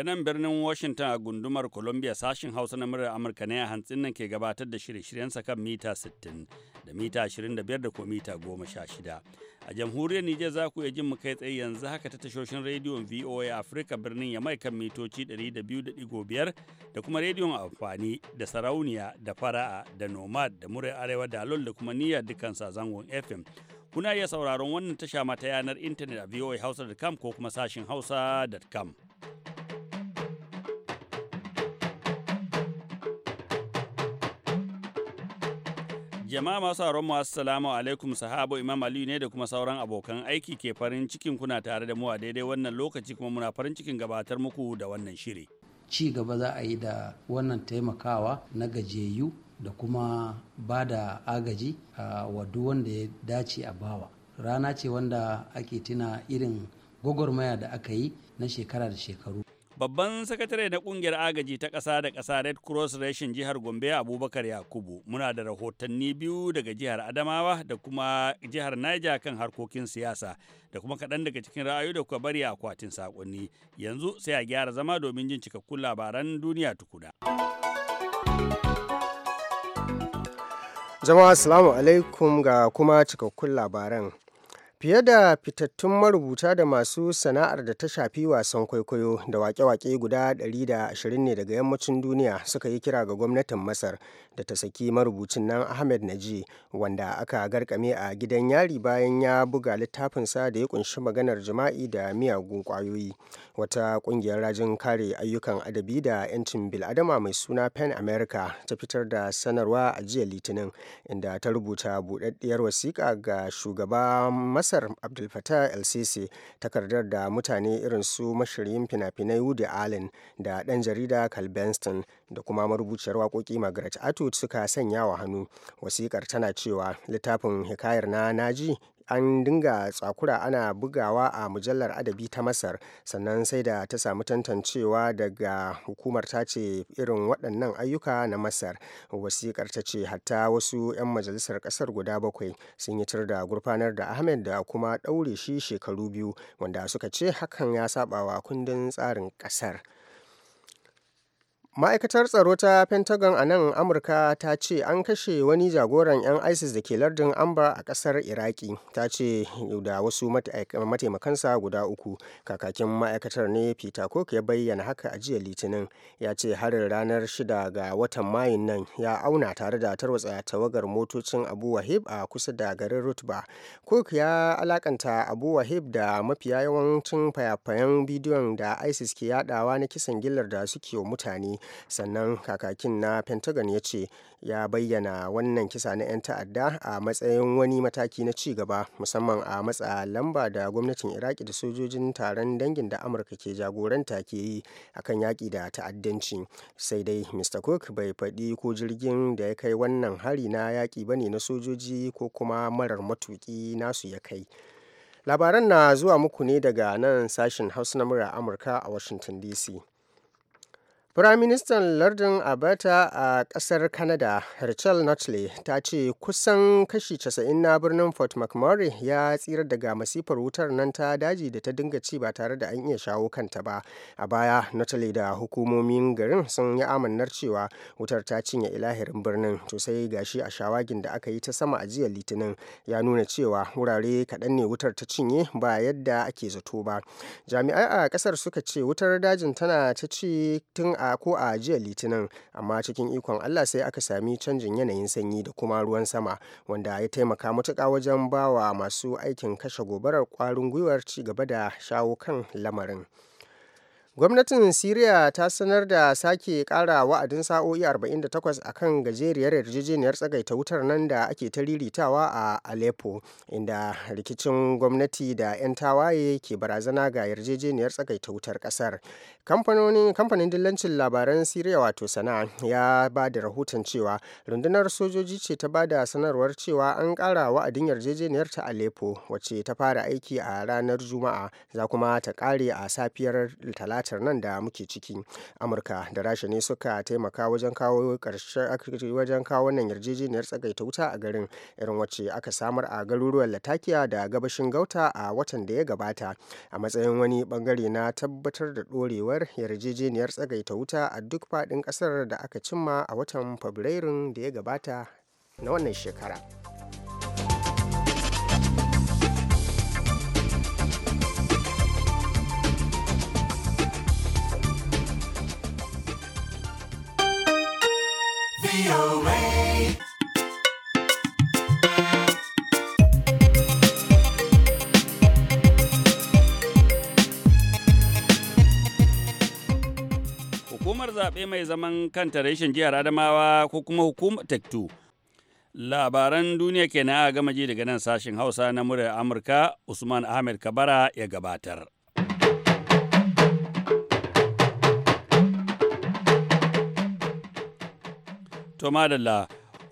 Daga nan birnin Washington a gundumar Columbia sashin Hausa na murar Amurka ne a hantsin nan ke gabatar da shirye-shiryensa kan mita 60 da mita 25 da ko mita 16. A jamhuriyar Nijar za ku iya jin mu kai tsaye yanzu haka ta tashoshin rediyon VOA afirka birnin Yamai kan mitoci 200.5 da kuma rediyon amfani da sarauniya da fara'a da nomad da murar arewa da alol da kuma niyyar dukkan zangon FM. Kuna iya sauraron wannan tasha mata yanar intanet a voahausa.com ko kuma sashin hausa.com. Jama'a masu haron mu assalamu alaikum sahabo Imam Aliyu ne da kuma sauran abokan aiki ke farin cikin kuna tare da mu a daidai wannan lokaci kuma muna farin cikin gabatar muku da wannan shiri. Ci gaba za a yi da wannan taimakawa na gajeyu da kuma ba da agaji a wadu wanda ya dace a bawa. Rana ce wanda ake tuna irin gwagwarmaya da aka yi na shekara da shekaru. Babban sakatare na kungiyar agaji ta ƙasa da ƙasa Red Cross rashin jihar Gombe Abubakar Yakubu muna da rahotanni biyu daga jihar Adamawa da kuma jihar Niger kan harkokin siyasa da kuma kaɗan daga cikin ra'ayoyi da kuka bari a akwatin saƙonni. Yanzu sai a gyara zama domin jin cikakkun labaran duniya tukuna. Jama'a Assalamu alaikum ga kuma cikakkun labaran. Fiye da fitattun marubuta da masu sana'ar da ta shafi wasan kwaikwayo da waƙe-waƙe guda 120 ne daga yammacin duniya suka yi kira ga gwamnatin Masar da ta saki marubucin nan Ahmed na'ji wanda aka garkame a gidan yari bayan ya buga littafinsa da ya kunshi maganar jima'i da miyagun kwayoyi Wata ƙungiyar rajin kare ayyukan adabi da 'yancin bil'adama mai suna PEN America ta fitar da sanarwa a jiya Litinin, inda ta rubuta buɗaɗɗiyar wasiƙa ga shugaba Masar kasar abdul fattah el sisi takardar da mutane irin su mashiryin fina-finai woody allen da ɗan jarida cal benston da kuma marubuciyar waƙoƙi margaret atwood suka sanya wa hannu wasikar tana cewa littafin hikayar na naji an dinga tsakura ana bugawa a mujallar adabi ta masar sannan sai da ta samu tantancewa daga hukumar ta ce irin waɗannan ayyuka na masar wasiƙar ta ce hatta wasu 'yan majalisar ƙasar guda bakwai sun yi tur da gurfanar da ahmed da kuma ɗaure shi shekaru biyu wanda suka ce hakan ya wa kundin tsarin ƙasar ma'aikatar tsaro ta pentagon a nan amurka ta ce an kashe wani jagoran 'yan isis da ke lardin amba a kasar iraki ta ce da wasu mataimakansa guda uku kakakin ma'aikatar ne peter cook ya bayyana haka a jiya litinin ya ce harin ranar 6 ga watan mayun nan ya auna tare da tarwatsa tawagar motocin abu wahib a kusa da garin rutba cook ya alakanta abu wahib da mafiya yawancin fayafayan bidiyon da isis ke yadawa na kisan gillar da suke mutane sannan kakakin na pentagon ya ce ya bayyana wannan kisa na 'yan ta'adda a matsayin wani mataki na ci gaba musamman a matsa lamba da gwamnatin iraki da sojojin taron dangin da amurka ke jagoranta ke yi akan yaƙi da ta'addanci sai dai mr cook bai faɗi ko jirgin da ya kai wannan hari na yaƙi bane na sojoji ko kuma marar matuƙi nasu ya kai labaran na zuwa muku ne daga nan sashen hausa na murya amurka a washington dc Firaministan Lardin Alberta a ƙasar Canada, Rachel Notley, ta ce kusan kashi 90 na birnin Fort McMurray ya tsira daga masifar wutar nan ta daji da ta dinga ci ba tare da an iya shawo kanta ba. A baya, Notley da hukumomin garin sun yi amannar cewa wutar ta cinye ilahirin birnin, to sai gashi a shawagin da aka yi ta sama a jiya Litinin ya nuna cewa wurare kaɗan ne wutar ta cinye ba yadda ake zato ba. Jami'ai a ƙasar suka ce wutar dajin tana ta ci tun a ko a jiya litinin amma cikin ikon allah sai aka sami canjin yanayin sanyi da kuma ruwan sama wanda ya taimaka matuƙa wajen bawa masu aikin kashe gobarar kwarin gwiwar ci gaba da shawo kan lamarin gwamnatin syria ta sanar da sake kara wa'adin sa'o'i 48 a kan gajeriyar yarjejeniyar tsagaita wutar nan da ake ta riritawa a aleppo inda rikicin gwamnati da 'yan tawaye ke barazana ga yarjejeniyar tsagaita wutar kasar kamfanin dillancin labaran siriya wato sana'a ya ba da rahoton cewa rundunar sojoji ce ta ba da sanarwar cewa an kara wa'adin yarjejeniyar ta aleppo wacce ta fara aiki a ranar juma'a za kuma ta kare a safiyar talatar nan da muke ciki amurka da rasha ne suka taimaka wajen kawo wajen kawo wannan yarjejeniyar tsagaita wuta a garin irin wacce aka samar a garuruwan latakiya da gabashin gauta a watan da ya gabata a matsayin wani bangare na tabbatar da ɗorewar kamar yarjejeniyar tsagaita wuta a duk faɗin ƙasar da aka cimma a watan fabrairun da ya gabata na wannan shekara. VOA. hukumar zaɓe mai zaman kanta reshen jihar Adamawa ko kuma hukumar Tektu. Labaran duniya ke a gama ji daga nan sashen Hausa na murar Amurka, Usman Ahmed Kabara ya gabatar. To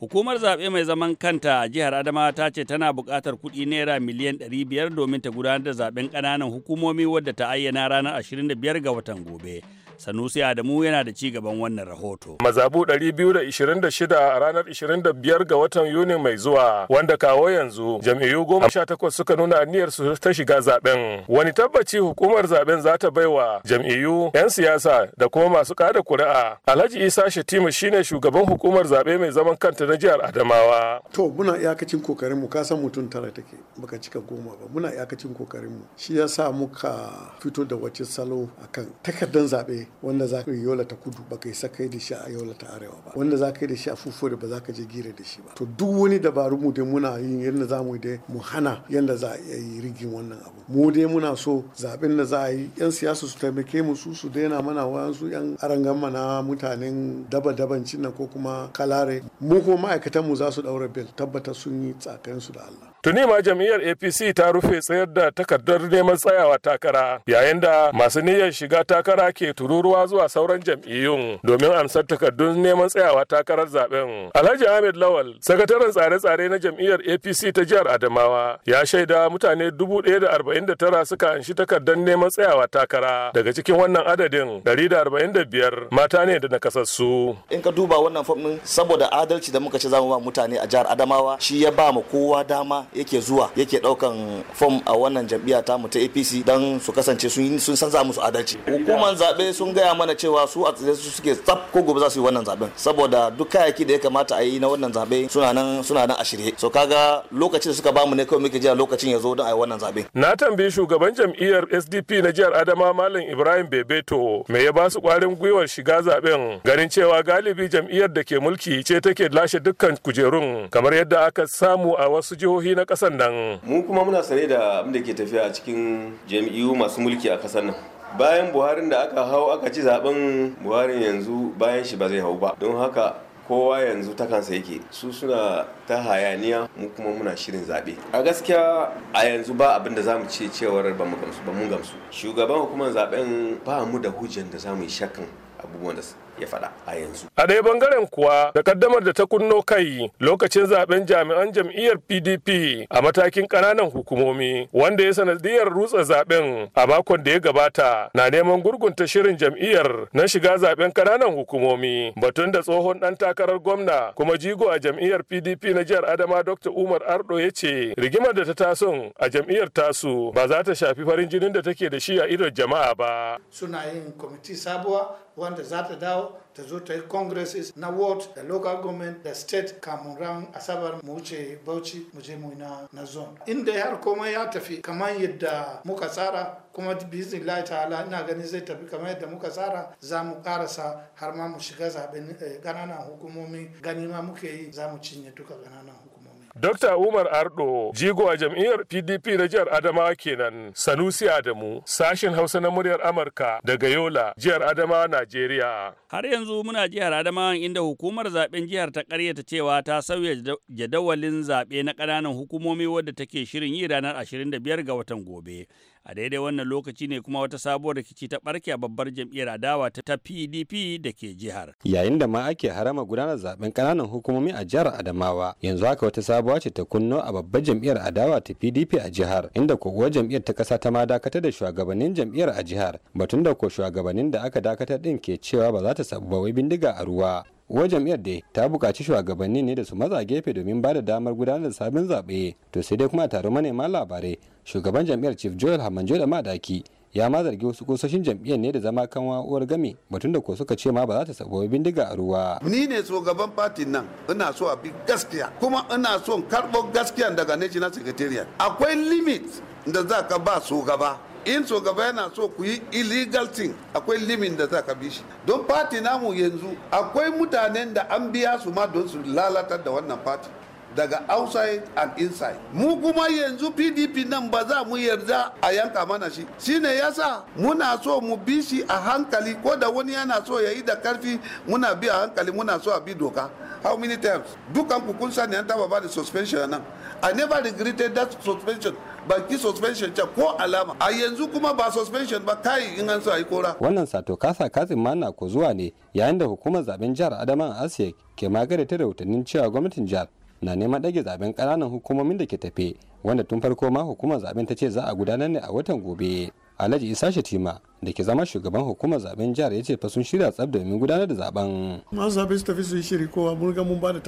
hukumar zaɓe mai zaman kanta a jihar Adamawa ta ce tana buƙatar kuɗi naira miliyan 500 domin ta gudanar da zaɓen ƙananan hukumomi wadda ta ayyana ranar 25 ga watan gobe. Sanusi Adamu yana da ci gaban wannan rahoto. Mazabu 226 a ranar 25 ga watan Yuni mai zuwa wanda kawo yanzu jam'iyyu goma suka nuna aniyar su ta shiga zaben. Wani tabbaci hukumar zaben za ta baiwa jam'iyyu 'yan siyasa da kuma masu kada kuri'a. Alhaji Isa Shatima shine shugaban hukumar zabe mai zaman kanta na jihar Adamawa. To muna iyakacin kokarin mu ka san mutum tara take baka cika goma ba muna iyakacin kokarin mu shi yasa muka fito da wacce salo akan takardar zabe wanda za ka yi yola ta kudu ba ka yi sakai da shi a yola ta arewa ba wanda za ka yi da shi a da ba za ka je gira da shi ba to duk wani dabaru mu dai muna yin yadda za mu dai mu hana yadda za a yi rigin wannan abu mu dai muna so zaben da za a yi yan siyasa su taimake mu su su daina mana wasu yan arangan mana mutanen daba-daban cinna ko kuma kalare mu kuma ma'aikatan mu za su daura bel tabbata sun yi tsakaninsu da Allah Tuni ma jam'iyyar APC ta rufe tsayar da takardar neman tsayawa takara yayin da masu niyyar shiga takara ke tururuwa zuwa sauran jam'iyyun domin amsar takardun neman tsayawa takarar zaben. Alhaji Ahmed Lawal, sakataren tsare-tsare na jam'iyyar APC ta jihar Adamawa, ya shaida mutane dubu ɗaya da arba'in da tara suka anshi takardar neman tsayawa takara. Daga cikin wannan adadin ɗari da arba'in da biyar mata ne da nakasassu. In ka duba wannan fom saboda adalci da muka ce zama ba mutane a jihar Adamawa shi ya ba mu kowa dama yake zuwa yake daukan fom a wannan jam'iyya ta mu ta APC dan su kasance sun sun san za musu adalci hukumar zaɓe sun gaya mana cewa su a tsaye su suke tsaf ko gobe za su yi wannan zaben saboda duk kayayyaki da ya kamata a yi na wannan zabe suna nan suna nan a shirye so kaga lokacin da suka bamu ne kawai muke jira lokacin ya zo don a yi wannan zabe na tambayi shugaban jam'iyyar SDP na jihar Adama Malam Ibrahim Bebeto me ya ba su kwarin gwiwar shiga zaben garin cewa galibi jam'iyyar da ke mulki ce take lashe dukkan kujerun kamar yadda aka samu a wasu jihohi na kasan nan mu kuma muna sane da abin da ke tafiya a cikin jam'iyyu masu mulki a kasan nan bayan buharin da aka hau aka ci zaben buhari yanzu bayan shi ba zai hau ba don haka kowa yanzu ta kansa yake su suna ta hayaniya mu kuma muna shirin zaɓe a gaskiya a yanzu ba abin da zamu ce cewar ba mu gamsu ba mun gamsu shugaban hukumar zaben ba mu da hujjan da zamu yi shakkan abubuwan da ya faɗa a yanzu. A ɗaya bangaren kuwa takaddamar da ta kunno kai lokacin zaben jami'an jam'iyyar PDP a matakin ƙananan hukumomi wanda ya sanadiyar rutsa zaben a makon da ya gabata na neman gurgunta shirin jam'iyyar na shiga zaben ƙananan hukumomi batun da tsohon ɗan takarar gwamna kuma jigo a jam'iyyar PDP na jihar Adama Dr. Umar Ardo ya ce rigimar da ta taso a jam'iyyar tasu ba za ta shafi farin jinin da take da shi a idon jama'a ba. Suna yin kwamiti sabuwa wanda za ta dawo Jos ta zo ta yi congresses na ward da local government da state kamun ran asabar mu wuce bauchi mu je mu na, na zone inda har komai ya tafi kamar yadda muka tsara kuma bizin lai ta'ala ina ganin zai tafi kamar yadda muka tsara za mu karasa har ma mu shiga zaben eh, ƙananan hukumomi gani ma muke yi za mu cinye duka ƙananan Dr. Umar Ardo, jigo a jam'iyyar PDP na jihar Adama kenan, Sanusi Adamu, sashen Hausa na muryar Amurka daga Yola, jihar Adama Najeriya. Har yanzu muna jihar Adama inda hukumar zaben jihar ta karyata cewa ta sauya jadawalin zaɓe na ƙananan hukumomi wadda take shirin yi ranar 25 ga watan gobe. a daidai wannan lokaci ne kuma wata sabuwar rikici ta barke a babbar jam'iyyar adawa ta ta pdp da ke jihar yayin da ma ake harama gudanar zaben kananan hukumomi a jihar adamawa yanzu haka wata sabuwa ce ta kunno a babbar jam'iyyar adawa ta pdp a jihar inda ko jam'iyyar ta kasa ta ma dakatar da shugabannin jam'iyyar a jihar batun da ko shugabannin da aka dakatar din ke cewa ba za ta sabu ba wai bindiga a ruwa uwa jam'iyyar da ta buƙaci shugabanni ne da su maza gefe domin ba da damar gudanar da sabon zaɓe to sai dai kuma a taron manema labarai shugaban jam'iyyar chief joel hamanjo da madaki ya ma zargi wasu kusoshin jam'iyyar ne da zama kan uwar game batun da ko suka ce ma ba za ta sabo bindiga a ruwa ni ne shugaban party nan ina so a bi gaskiya kuma ina so karbo gaskiya daga national secretariat akwai limit da za ka ba shugaba in shugaba yana so ku yi illegal thing akwai limit da za ka bi shi don party namu yanzu akwai mutanen da an biya su ma don su lalatar da wannan party daga outside and inside mu kuma yanzu pdp nan ba za mu yarda a yanka mana shi Shi shine yasa muna so mu bi shi a hankali ko da wani yana so ya yi da karfi muna bi a hankali muna so a bi doka how many times dukan ku kun sani an taba ba da suspension nan i never regretted that suspension baki suspension ce ko alama a yanzu kuma ba suspension ba kai in an so a yi kora wannan sato kasa katsin mana ko zuwa ne yayin da hukumar zaben jihar adama asiya ke magare ta rahotannin cewa gwamnatin jihar na neman ɗage zaben ƙananan hukumomin da ke tafe wanda tun farko ma hukumar zaben ta ce za a gudanar ne a watan gobe alhaji isa shatima da ke zama shugaban hukumar zaben jihar ya ce fa sun shirya tsab domin gudanar da zaben masu zaɓe su tafi su yi shiri kowa mun ga mun bada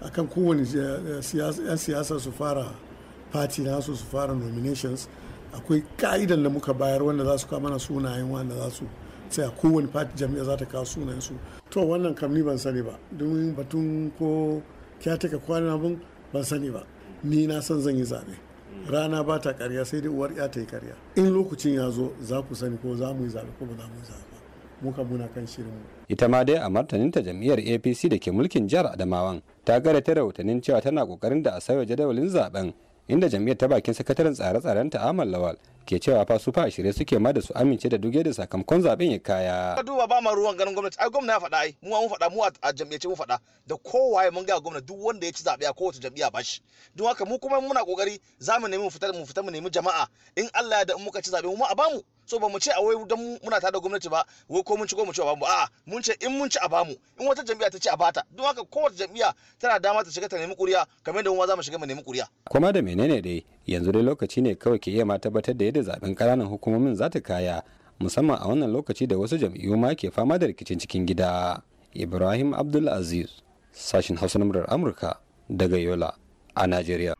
a kan kowane yan siyasa su fara fati nasu su fara nominations akwai ka'idan da muka bayar wanda za su kama mana sunayen wanda za su sai a kowane fati jami'a za ta kawo sunayen su to wannan kam ni ban sani ba domin batun ko kya taka kwana abin ban sani ba ni na san zan yi zaɓe rana ba ta karya sai dai uwar ya ta yi karya in lokacin ya zo za ku sani ko za mu yi zaɓe ko ba za mu yi zaɓe muka muna kan shirin mu. ita ma dai a ta jam'iyyar apc da ke mulkin jihar adamawan ta gara ta rahotannin cewa tana kokarin da a sauya jadawalin zaben inda jam'iyyar ta bakin sakataren tsare-tsaren ta lawal ke cewa fa su fa shirye suke ma da su amince da duge da sakamakon zaben ya kaya. Ka duba ba ma ruwan ganin gwamnati ai gwamna ya faɗa ai mu mun faɗa mu a jam'iyyace mu faɗa da kowaye mun ga gwamnati duk wanda ya ci zaɓe a kowace jam'iyya ba shi. Don haka mu kuma muna kokari za mu nemi mu fita mu nemi jama'a in Allah ya da in muka ci zaɓe mu a bamu. so ba mu ce a wai don muna tada gwamnati ba wai ko mun ci ko mu ci a bamu a'a mun ce in mun ci a bamu in wata jam'iyya ta ci a bata don haka kowace jam'iyya tana dama ta shiga ta nemi kuriya kamar yadda mu ma za mu shiga mu nemi kuriya kuma da menene dai yanzu dai lokaci ne kawai ke iya ma tabbatar da yadda zaben ƙananan hukumomin za ta kaya musamman a wannan lokaci da wasu jam'iyyu ma ke fama da rikicin cikin gida ibrahim abdulaziz sashin hausa na amurka daga yola a najeriya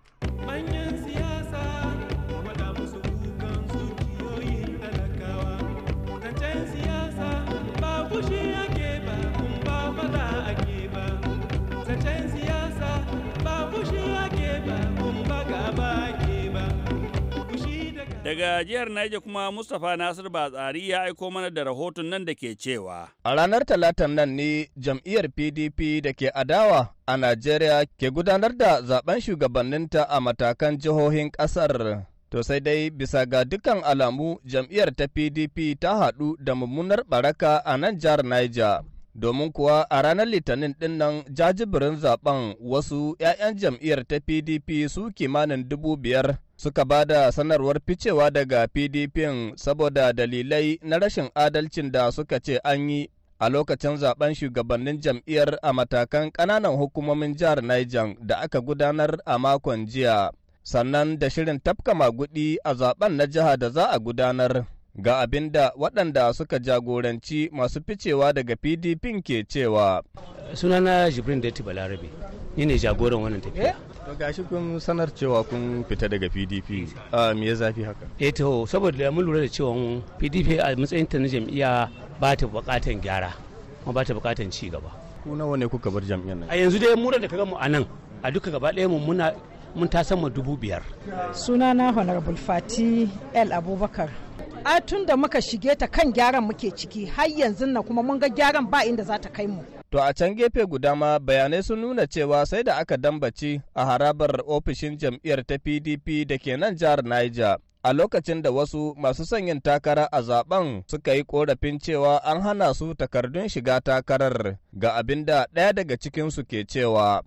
Daga jihar Niger kuma Mustapha Nasir Batsari ya aiko mana da rahoton nan da ke cewa. A ranar talatan nan ne jam'iyyar PDP da ke adawa a Najeriya ke gudanar da zaben shugabanninta a matakan jihohin ƙasar. To sai dai bisa ga dukan alamu jam'iyyar ta PDP ta haɗu da mummunar baraka a nan jihar Niger. domin kuwa a ranar litinin din nan jajibirin zaben wasu 'ya'yan jam'iyyar ta pdp su kimanin dubu biyar suka ba da sanarwar ficewa daga PDP saboda dalilai na rashin adalcin da suka ce an yi a lokacin zaben shugabannin jam'iyyar a matakan ƙananan hukumomin jihar Niger da aka gudanar a makon jiya, sannan da shirin tafka magudi a zaben na jiha da za a gudanar. ga abin da waɗanda suka jagoranci masu ficewa daga pdp ke cewa sunana jibrin da balarabe ni ne jagoran wannan tafiya eh? to gashi kun sanar cewa kun fita daga pdp a ah, me ya zafi haka eh to saboda mun lura da cewa pdp a matsayin ta na jam'iyya ba ta bukatan gyara kuma ba ta bukatan ci gaba ku nawa ne kuka bar jam'iyyar nan a yanzu dai mura da kaga mu a nan a duka gaba ɗaya mu muna mun ta sama dubu biyar sunana honorable fati l abubakar a tun da muka shige ta kan gyaran muke ciki har yanzu na kuma mun ga gyaran ba inda za ta kai mu To a can gefe guda ma bayanai sun nuna cewa sai da aka dambaci a harabar ofishin jam'iyyar ta PDP da ke nan jihar Niger. A lokacin da wasu masu sanyin takara a zaben suka yi korafin cewa an hana su takardun shiga takarar ga abin da ɗaya daga cikinsu ke cewa.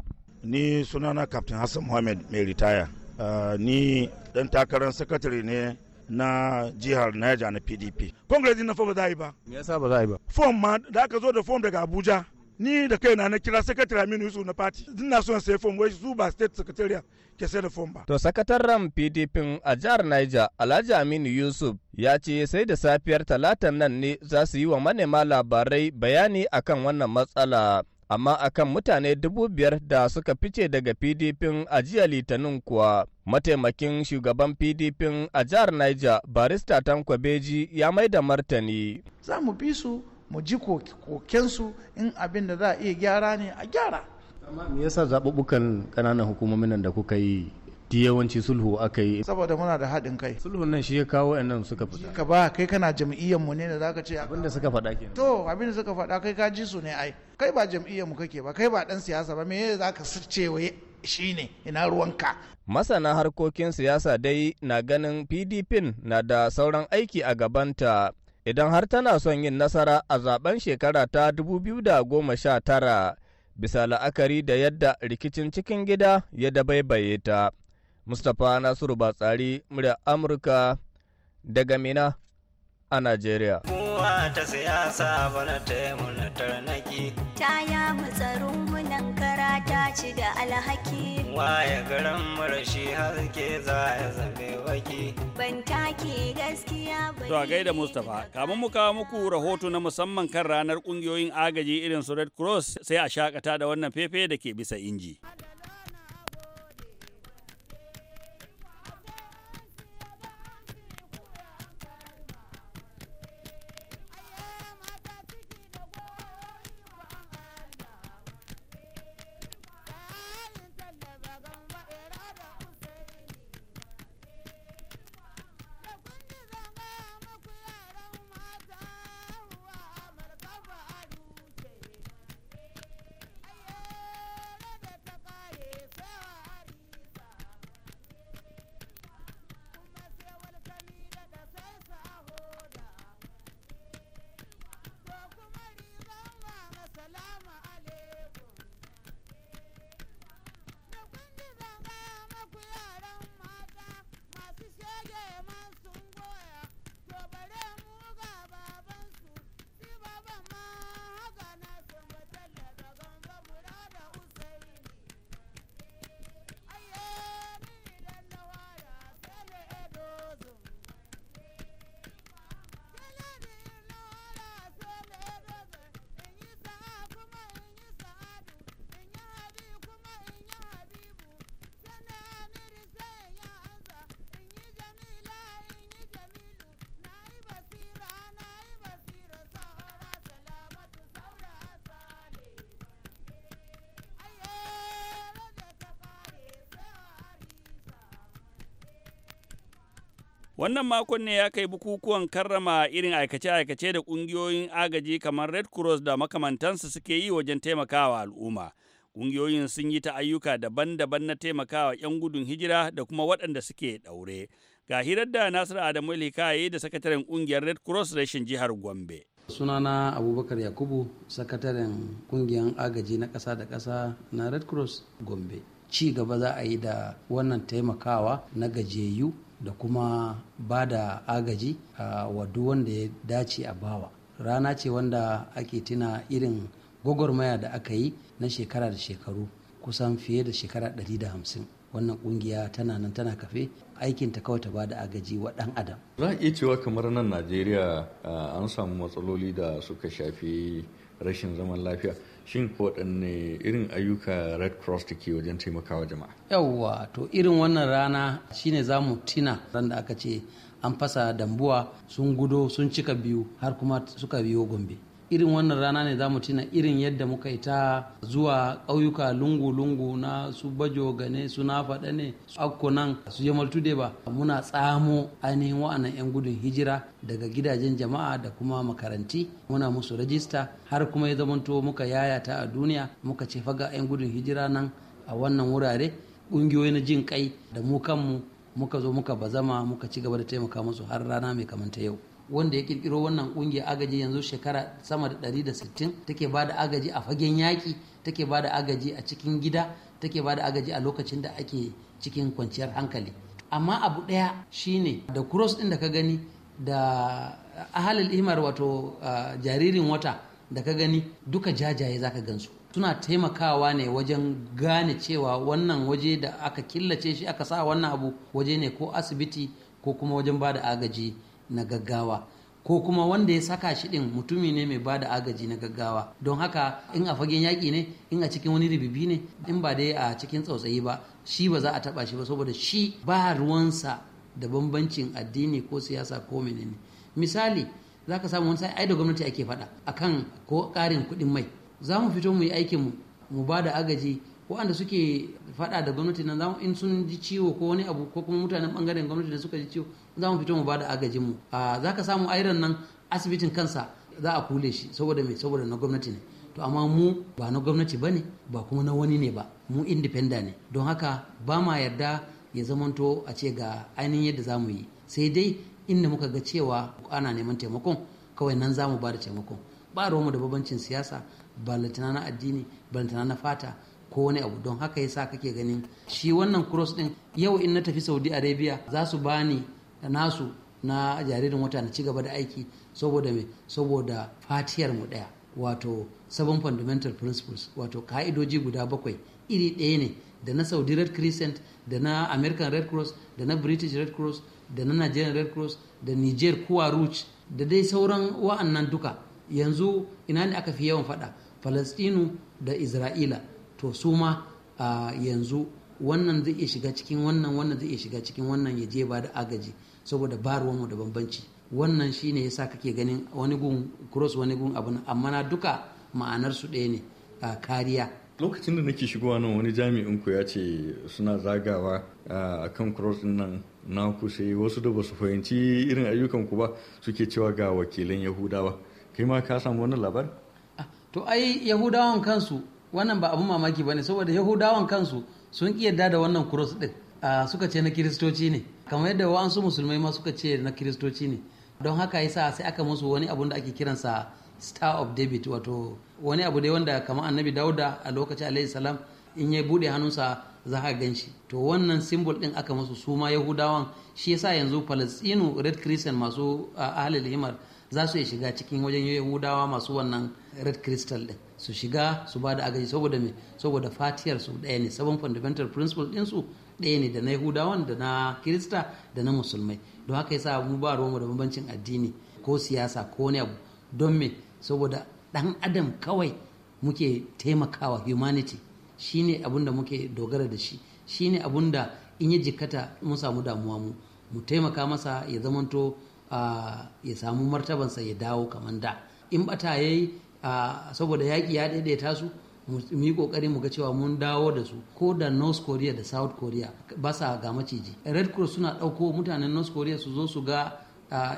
Ni sunana Captain Hassan Mohammed mai ritaya. Ah, ni ɗan takarar sakatare ne na jihar Niger na PDP. Congress na ba za a yi ba. Me yasa ba za a yi ba? Form ma da aka zo da form daga Abuja ni da kai na kira sakatare Aminu Yusuf na party ina son sai form wai su ba state secretariat ke sai da form ba. To sakataren PDP a jihar Niger Alhaji Aminu Yusuf ya ce sai da safiyar talatan nan ne za su yi wa manema labarai bayani akan wannan matsala. amma akan mutane dubu biyar da suka fice daga pdp a jiya litinin kuwa mataimakin shugaban pdp a jihar niger barista beji ya mai da martani za mu bi su mu ji kokensu in abin da za a iya gyara ne a gyara amma me yasa zaɓuɓɓukan ƙananan hukumomin da kuka yi di yawanci sulhu aka yi saboda muna da haɗin kai sulhun nan shi ya kawo nan suka fita ka ba kai kana jam'iyyar mu ne da zaka ce abinda suka faɗa kenan to abinda suka faɗa kai ka ji su ne ai kai ba jam'iyyar mu kake ba kai ba dan siyasa ba me zaka sace waye ne. ina ruwanka masana harkokin siyasa dai na ganin PDP na da sauran aiki a gabanta idan har tana son yin nasara a zaben shekara ta 2019 bisa la'akari da yadda rikicin cikin gida ya dabaibaye ta. Mustapha Nasiru Batsari murya Amurka daga Mina a Najeriya. Kowa ta siyasa bana taimuna tarnaki. Ta ya matsarin munan kara ta ci da alhaki. Waye garin marashi haske za ya zabe waki. Ban take gaskiya ba. To a gaida Mustapha, kamun mu kawo muku rahoto na musamman kan ranar kungiyoyin agaji irin su Red Cross sai a shakata da wannan fefe da ke bisa inji. Wannan makon ne ya kai bukukuwan karrama irin aikace-aikace da ƙungiyoyin agaji kamar Red Cross da makamantansu suke yi wajen taimakawa al'umma. Ƙungiyoyin sun yi ta ayyuka daban-daban na taimakawa 'yan gudun hijira da kuma waɗanda suke ɗaure. Ga hirar da Nasiru Adamu Ilhikayi da sakataren ƙungiyar Red Cross rashin jihar Gombe. sunana abubakar yakubu sakataren ƙungiyar agaji na ƙasa da ƙasa na red cross gombe ci gaba za a yi da wannan taimakawa na gajeyu da kuma ba da agaji wa duk wanda ya dace a bawa rana ce wanda ake tuna irin gwagwarmaya da aka yi na shekara da shekaru kusan fiye da shekara 150 wannan kungiya tana nan tana kafe aikin ta kawai ta ba da agaji wa dan adam za a iya cewa kamar nan najeriya an samu matsaloli da suka shafi rashin zaman lafiya shin waɗanne irin ayyuka red cross take wajen taimakawa jama'a yawwa to irin wannan rana shine za mu tina ran da aka ce an fasa dambuwa sun gudo sun cika biyu har kuma suka biyo gombe irin wannan rana ne za mu tuna irin yadda muka yi ta zuwa ƙauyuka lungu-lungu na su bajo gane su na faɗa ne su akko nan su jamal tude ba muna tsamo ainihin wa'annan 'yan gudun hijira daga gidajen jama'a da kuma makaranti muna musu rajista har kuma ya zamanto muka yayata a duniya muka ce faga 'yan gudun hijira nan a wannan wurare ƙungiyoyi na jin kai da mu kanmu muka zo muka bazama muka ci gaba da taimaka musu har rana mai kamanta yau wanda ya kirkiro wannan kungiyar agaji yanzu shekara sama da 160 take bada agaji a fagen yaki, take bada agaji a cikin gida take ba da agaji a lokacin da ake cikin kwanciyar hankali amma abu ɗaya shine da cross ɗin da ka gani da ahalal ihmar wato jaririn wata da ka gani duka jajaye zaka gansu suna taimakawa ne wajen gane cewa wannan waje da aka killace shi aka sa wannan abu waje ne ko asibiti ko kuma wajen ba da agaji na gaggawa ko kuma wanda ya saka shi din mutumi ne mai bada agaji na gaggawa don haka in a fagen yaƙi ne in a cikin wani ribibi ne in ba dai a cikin tsautsayi ba shi ba za a taba shi ba saboda shi ba ruwansa da bambancin addini ko siyasa ko menene misali za ka samu wani sai ai da gwamnati ake faɗa akan ko ƙarin kuɗin mai za mu fito mu yi aikin mu mu bada agaji waɗanda suke faɗa da gwamnati nan in sun ji ciwo ko wani abu ko kuma mutanen bangaren gwamnati da suka ji ciwo za mu fito mu bada agajin mu za ka samu airan nan asibitin kansa za a kule shi saboda mai saboda na gwamnati ne to amma mu ba na gwamnati ba ne ba kuma na wani ne ba mu independent ne don haka ba ma yarda ya zamanto a ce ga ainihin yadda za mu yi sai dai inda muka ga cewa ana neman taimakon kawai nan za mu ba da taimakon ba ruwanmu da babancin siyasa ba na addini ba na fata ko wani abu don haka ya sa kake ganin shi wannan cross din yau in na tafi saudi arabia za su bani nasu na jaririn wata na ci gaba da aiki saboda me saboda fatiyar mu daya wato seven fundamental principles wato ka'idoji guda bakwai iri ɗaya ne da na saudi red crescent da na american red cross da na british red cross da na nigerian red cross da niger kuwa rouge da dai sauran wa'annan duka yanzu ina ne aka fi yawan faɗa falastinu da isra'ila to su ma yanzu wannan zai iya shiga cikin wannan wannan zai iya shiga cikin wannan ya je ba da agaji saboda ba mu da bambanci wannan shine yasa kake ganin wani gun cross wani gun abu amma na duka ma'anar su ɗaya ne a kariya lokacin da nake shigowa nan wani jami'in ku ya ce suna zagawa a kan cross din nan na ku sai wasu da basu fahimci irin ayyukan ku ba suke cewa ga wakilan yahudawa kai ma ka samu wani labar. Ah, to ai yahudawan kansu wannan ba abun mamaki ba ne saboda yahudawan kansu sun yarda da wannan cross din suka ce na kiristoci ne kamar yadda wa'ansu musulmai ma suka ce na kiristoci ne don haka yasa sai aka musu wani abun da ake kiransa star of david wato wani abu dai wanda kamar annabi dauda a lokacin alaihi salam in ya bude hannunsa za ka gan shi to wannan simbol din aka musu su ma yahudawan shi yasa yanzu palestino red christian masu ahalil himar za su iya shiga cikin wajen yahudawa masu wannan red crystal din su shiga su ba da agaji saboda me saboda fatiyar su ɗaya ne sabon fundamental principle ɗin su ɗaya ne da na yahudawan da na kirista da na musulmai don haka yasa mu ba ruwanmu da bambancin addini ko siyasa ko wani abu don me saboda ɗan adam kawai muke taimakawa humanity shine abun da muke dogara da shi shine abun da in ya jikkata mun samu damuwa mu mu taimaka masa ya zamanto ah, ya samu martabansa ya dawo kamar da in bata yayi saboda yaƙi ya daidaita su mu yi kokari mu ga cewa mun dawo da su ko da north korea da south korea ba sa ga maciji red cross suna ɗauko mutanen north korea su zo su ga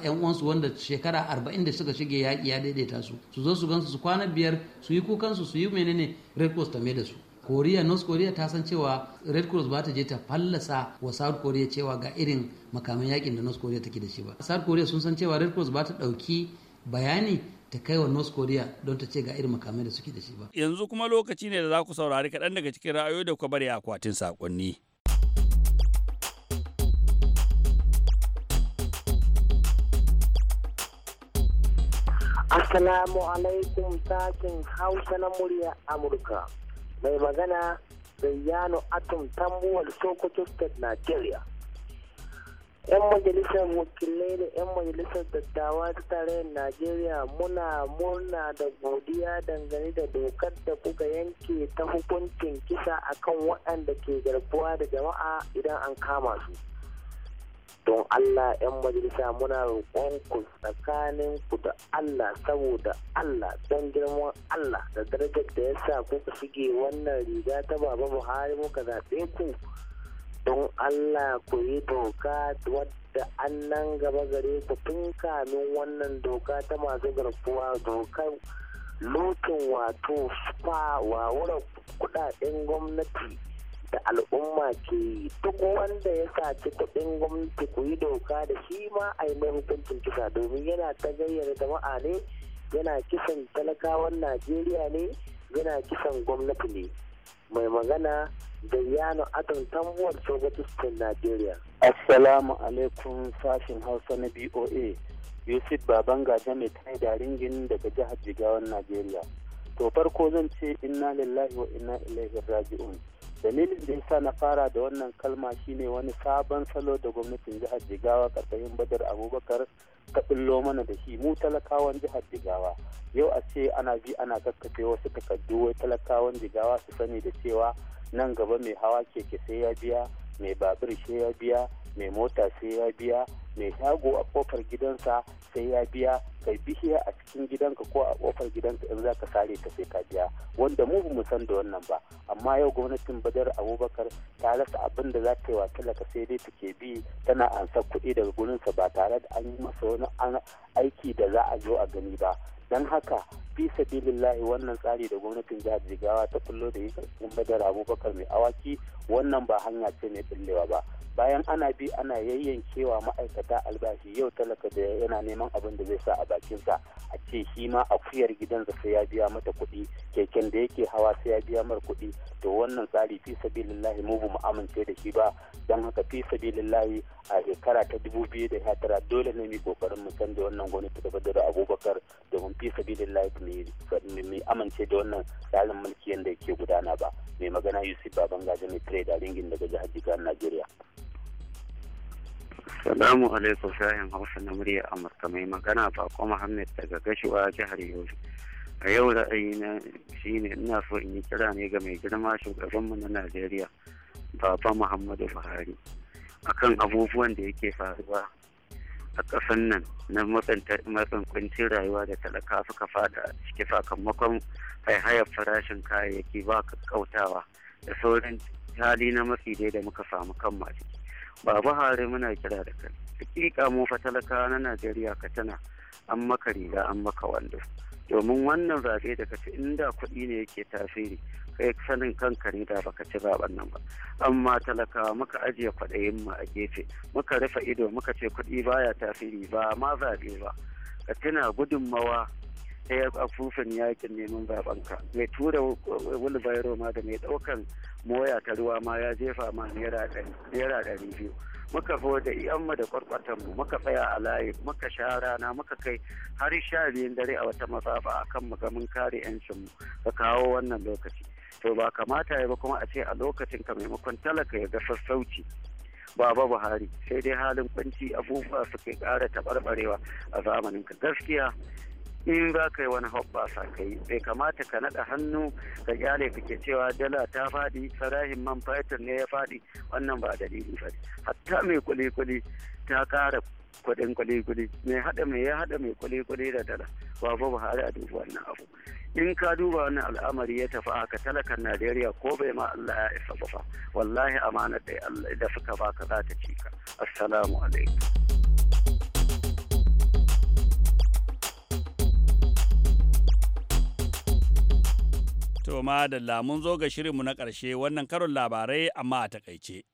yan uwansu wanda shekara arba'in da suka shige yaƙi ya daidaita su su zo su gansu su kwana biyar su yi kukansu su yi menene red cross ta mai da su korea north korea ta san cewa red cross ba ta je ta fallasa wa south korea cewa ga irin makaman yakin da north korea take da shi ba south korea sun san cewa red cross ba ta ɗauki bayani ta kai wa North Korea don ta ce ga irin makamai da suke da shi ba. Yanzu kuma lokaci ne da za ku saurari kaɗan daga cikin ra'ayoyi da kuka bari a akwatin saƙonni. Assalamu alaikum sakin Hausa na murya Amurka. Mai magana Zayyano Atom Tambuwal Sokoto State, Nigeria. 'yan majalisar wakilai da 'yan majalisar dattawa ta tarayyar najeriya muna murna da godiya dangane da dokar da kuka yanke ta hukuncin kisa akan waɗanda ke garbuwa da jama'a idan an kama su don allah 'yan majalisa muna ku tsakanin ku da allah saboda allah don girman allah da darajar da ya sa kuka shige wannan riga ta baba buhari muka zaɓe ku don allah ku yi doka wadda an nan gaba gare ku tun kamin wannan doka ta masu garkuwa dokar lokin wato spa wa wura kudaden gwamnati da al'umma ke yi duk wanda ya saci kuɗin gwamnati ku yi doka da shi ma a yi mai hukuncin kisa domin yana ta gayyar jama'a ne yana kisan talakawan najeriya ne yana kisan gwamnati ne mai magana da yano adam tambuwar sobatistin najeriya assalamu alaikum sashen hausa na boa yusuf baban gada mai tani da ringin daga jihar jigawan najeriya to farko zan ce inna lillahi wa inna ilaihi raji'un dalilin da yasa na fara da wannan kalma shine wani sabon salo da gwamnatin jihar jigawa karkashin badar abubakar ka ɓullo mana da shi mu talakawan jihar jigawa yau a ce ana bi ana kakkafe wasu takardu wai talakawan jigawa su sani da cewa nan gaba mai hawa keke sai ya biya mai babur sai ya biya mai mota sai ya biya mai shago a kofar gidansa sai ya biya kai bishiya a cikin gidanka ko a kofar gidanka in za ka sare ta sai ka biya wanda mu bamu san da wannan ba amma yau gwamnatin badar abubakar ta rasa abin da za ta yi wa talaka sai dai take bi tana ansa kuɗi daga gurin sa ba tare da an yi masa wani aiki da za a zo a gani ba don haka fi sabilillahi wannan tsari da gwamnatin jihar jigawa ta kullo da yi karfin badar abubakar mai awaki wannan ba hanya ce mai billewa ba bayan ana bi ana yayyankewa ma'aikata albashi yau talaka da yana neman abin da zai sa a bakinsa a ce shi ma akuyar gidan sai ya biya mata kuɗi keken da yake hawa sai ya biya mara kuɗi to wannan tsari fi sabilillahi mu mu amince da shi ba don haka fi sabilillahi a shekara ta dubu biyu da ya tara dole ne mu kokarin mu canza wannan gwamnati ta da abubakar domin fi sabilin mai amince da wannan tsarin mulki yadda ke gudana ba mai magana yusuf gaji mai kare da ringin daga jihar jigar najeriya salamu alaikum shahin hausa na murya amurka mai magana ba kuma muhammed daga gashiwa jihar yau a yau shi shine ina so in yi kira ne ga mai girma shugabanmu na najeriya baba muhammadu buhari akan abubuwan da yake faruwa a kasan nan na matsantsancin rayuwa da talaka suka fada ciki sakamakon haihayar farashin kayayyaki ba kautawa da saurin hali na matsi dai da muka samu kan masu ba buhari muna kira da kai hakika mu fa talaka na najeriya ka tana an maka riga an maka wando domin wannan zaɓe daga inda kuɗi ne yake tasiri sanin kanka ne da baka ci zaben nan ba amma talakawa muka ajiye kwaɗayin mu a gefe muka rufe ido muka ce kuɗi baya tasiri ba ma zaɓe ba ka tuna gudunmawa ɗaya afufin yakin neman ka mai tura wulbairo ma da mai ɗaukan moya ta ruwa ma ya jefa ma naira ɗari biyu muka zo da iyanmu da mu muka tsaya a layi muka sha rana muka kai har sha biyun dare a wata mazaɓa akan mu ga mun kare 'yancinmu ka kawo wannan lokaci to ba kamata ya ba kuma a ce a lokacin ka maimakon talaka ya ga sassauci baba buhari sai dai halin kwanci abubuwa suke ƙara taɓarɓarewa a zamanin ka gaskiya in za ka yi wani hoɓɓasa ka yi bai kamata ka naɗa hannu ka kyale kake cewa dala ta faɗi sarahin man fetur ne ya faɗi wannan ba dalili ba hatta mai kuli-kuli ta ƙara kuɗin kwale-kwale mai haɗa mai ya haɗa mai kwale-kwale da dala ba ba buhari a duba wannan abu in ka duba wannan al'amari ya tafi haka talakan najeriya ko bai ma allah ya isa ba fa wallahi amana da allah da suka baka za ta ci ka assalamu alaikum To ma da lamun zo ga shirinmu na karshe wannan karon labarai amma a takaice.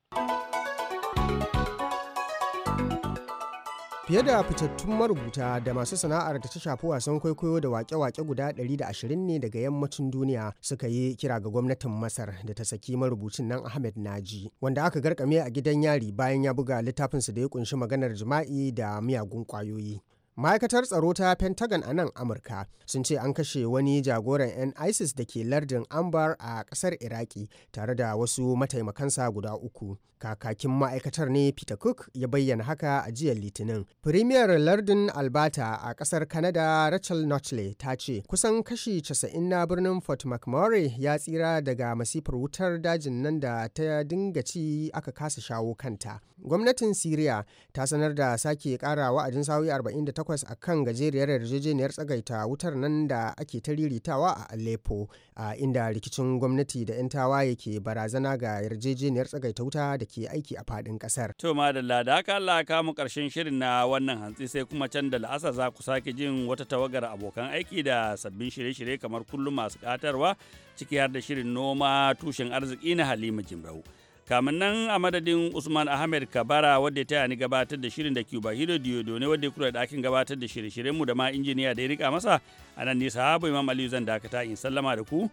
Fiye da fitattun marubuta da masu sana'ar ta shafi wasan kwaikwayo da wake-wake guda 120 ne daga yammacin duniya suka yi kira ga gwamnatin Masar da ta saki marubucin nan Ahmed Naji, wanda aka garkame a gidan yari bayan ya buga littafinsa da ya kunshi maganar jima'i da miyagun kwayoyi. ma'aikatar tsaro ta pentagon a nan amurka sun ce an kashe wani jagoran 'yan isis da ke lardin ambar a kasar iraki tare da wasu mataimakansa guda uku kakakin ma'aikatar ne peter cook ya bayyana haka a jiya litinin premier lardin albata a kasar canada rachel notley ta ce kusan kashi 90 na birnin fort mcmurray ya tsira daga masifar wutar dajin nan da ta dinga ci aka kasa shawo kanta gwamnatin syria ta sanar da sake kara wa'adin sa'o'i 48 takwas a kan gajeriyar yarjejeniyar tsagaita wutar nan da ake ta riritawa a Aleppo a inda rikicin gwamnati da 'yan tawaye ke barazana ga yarjejeniyar tsagaita wuta da ke aiki a fadin kasar. To madalla da haka Allah ka mu ƙarshen shirin na wannan hantsi sai kuma can da la'asa za ku sake jin wata tawagar abokan aiki da sabbin shirye-shirye kamar kullum masu katarwa ciki har da shirin noma tushen arziki na Halima Jimrau. kamin nan a madadin usman ahmed kabara wadda ta yani gabatar da shirin da cuba hiro diodo ne wadda kula da akin gabatar da shirye-shiryenmu da ma injiniya da ya rika masa a nan nisa habu imam aliyu zan dakata in sallama da ku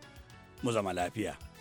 mu zama lafiya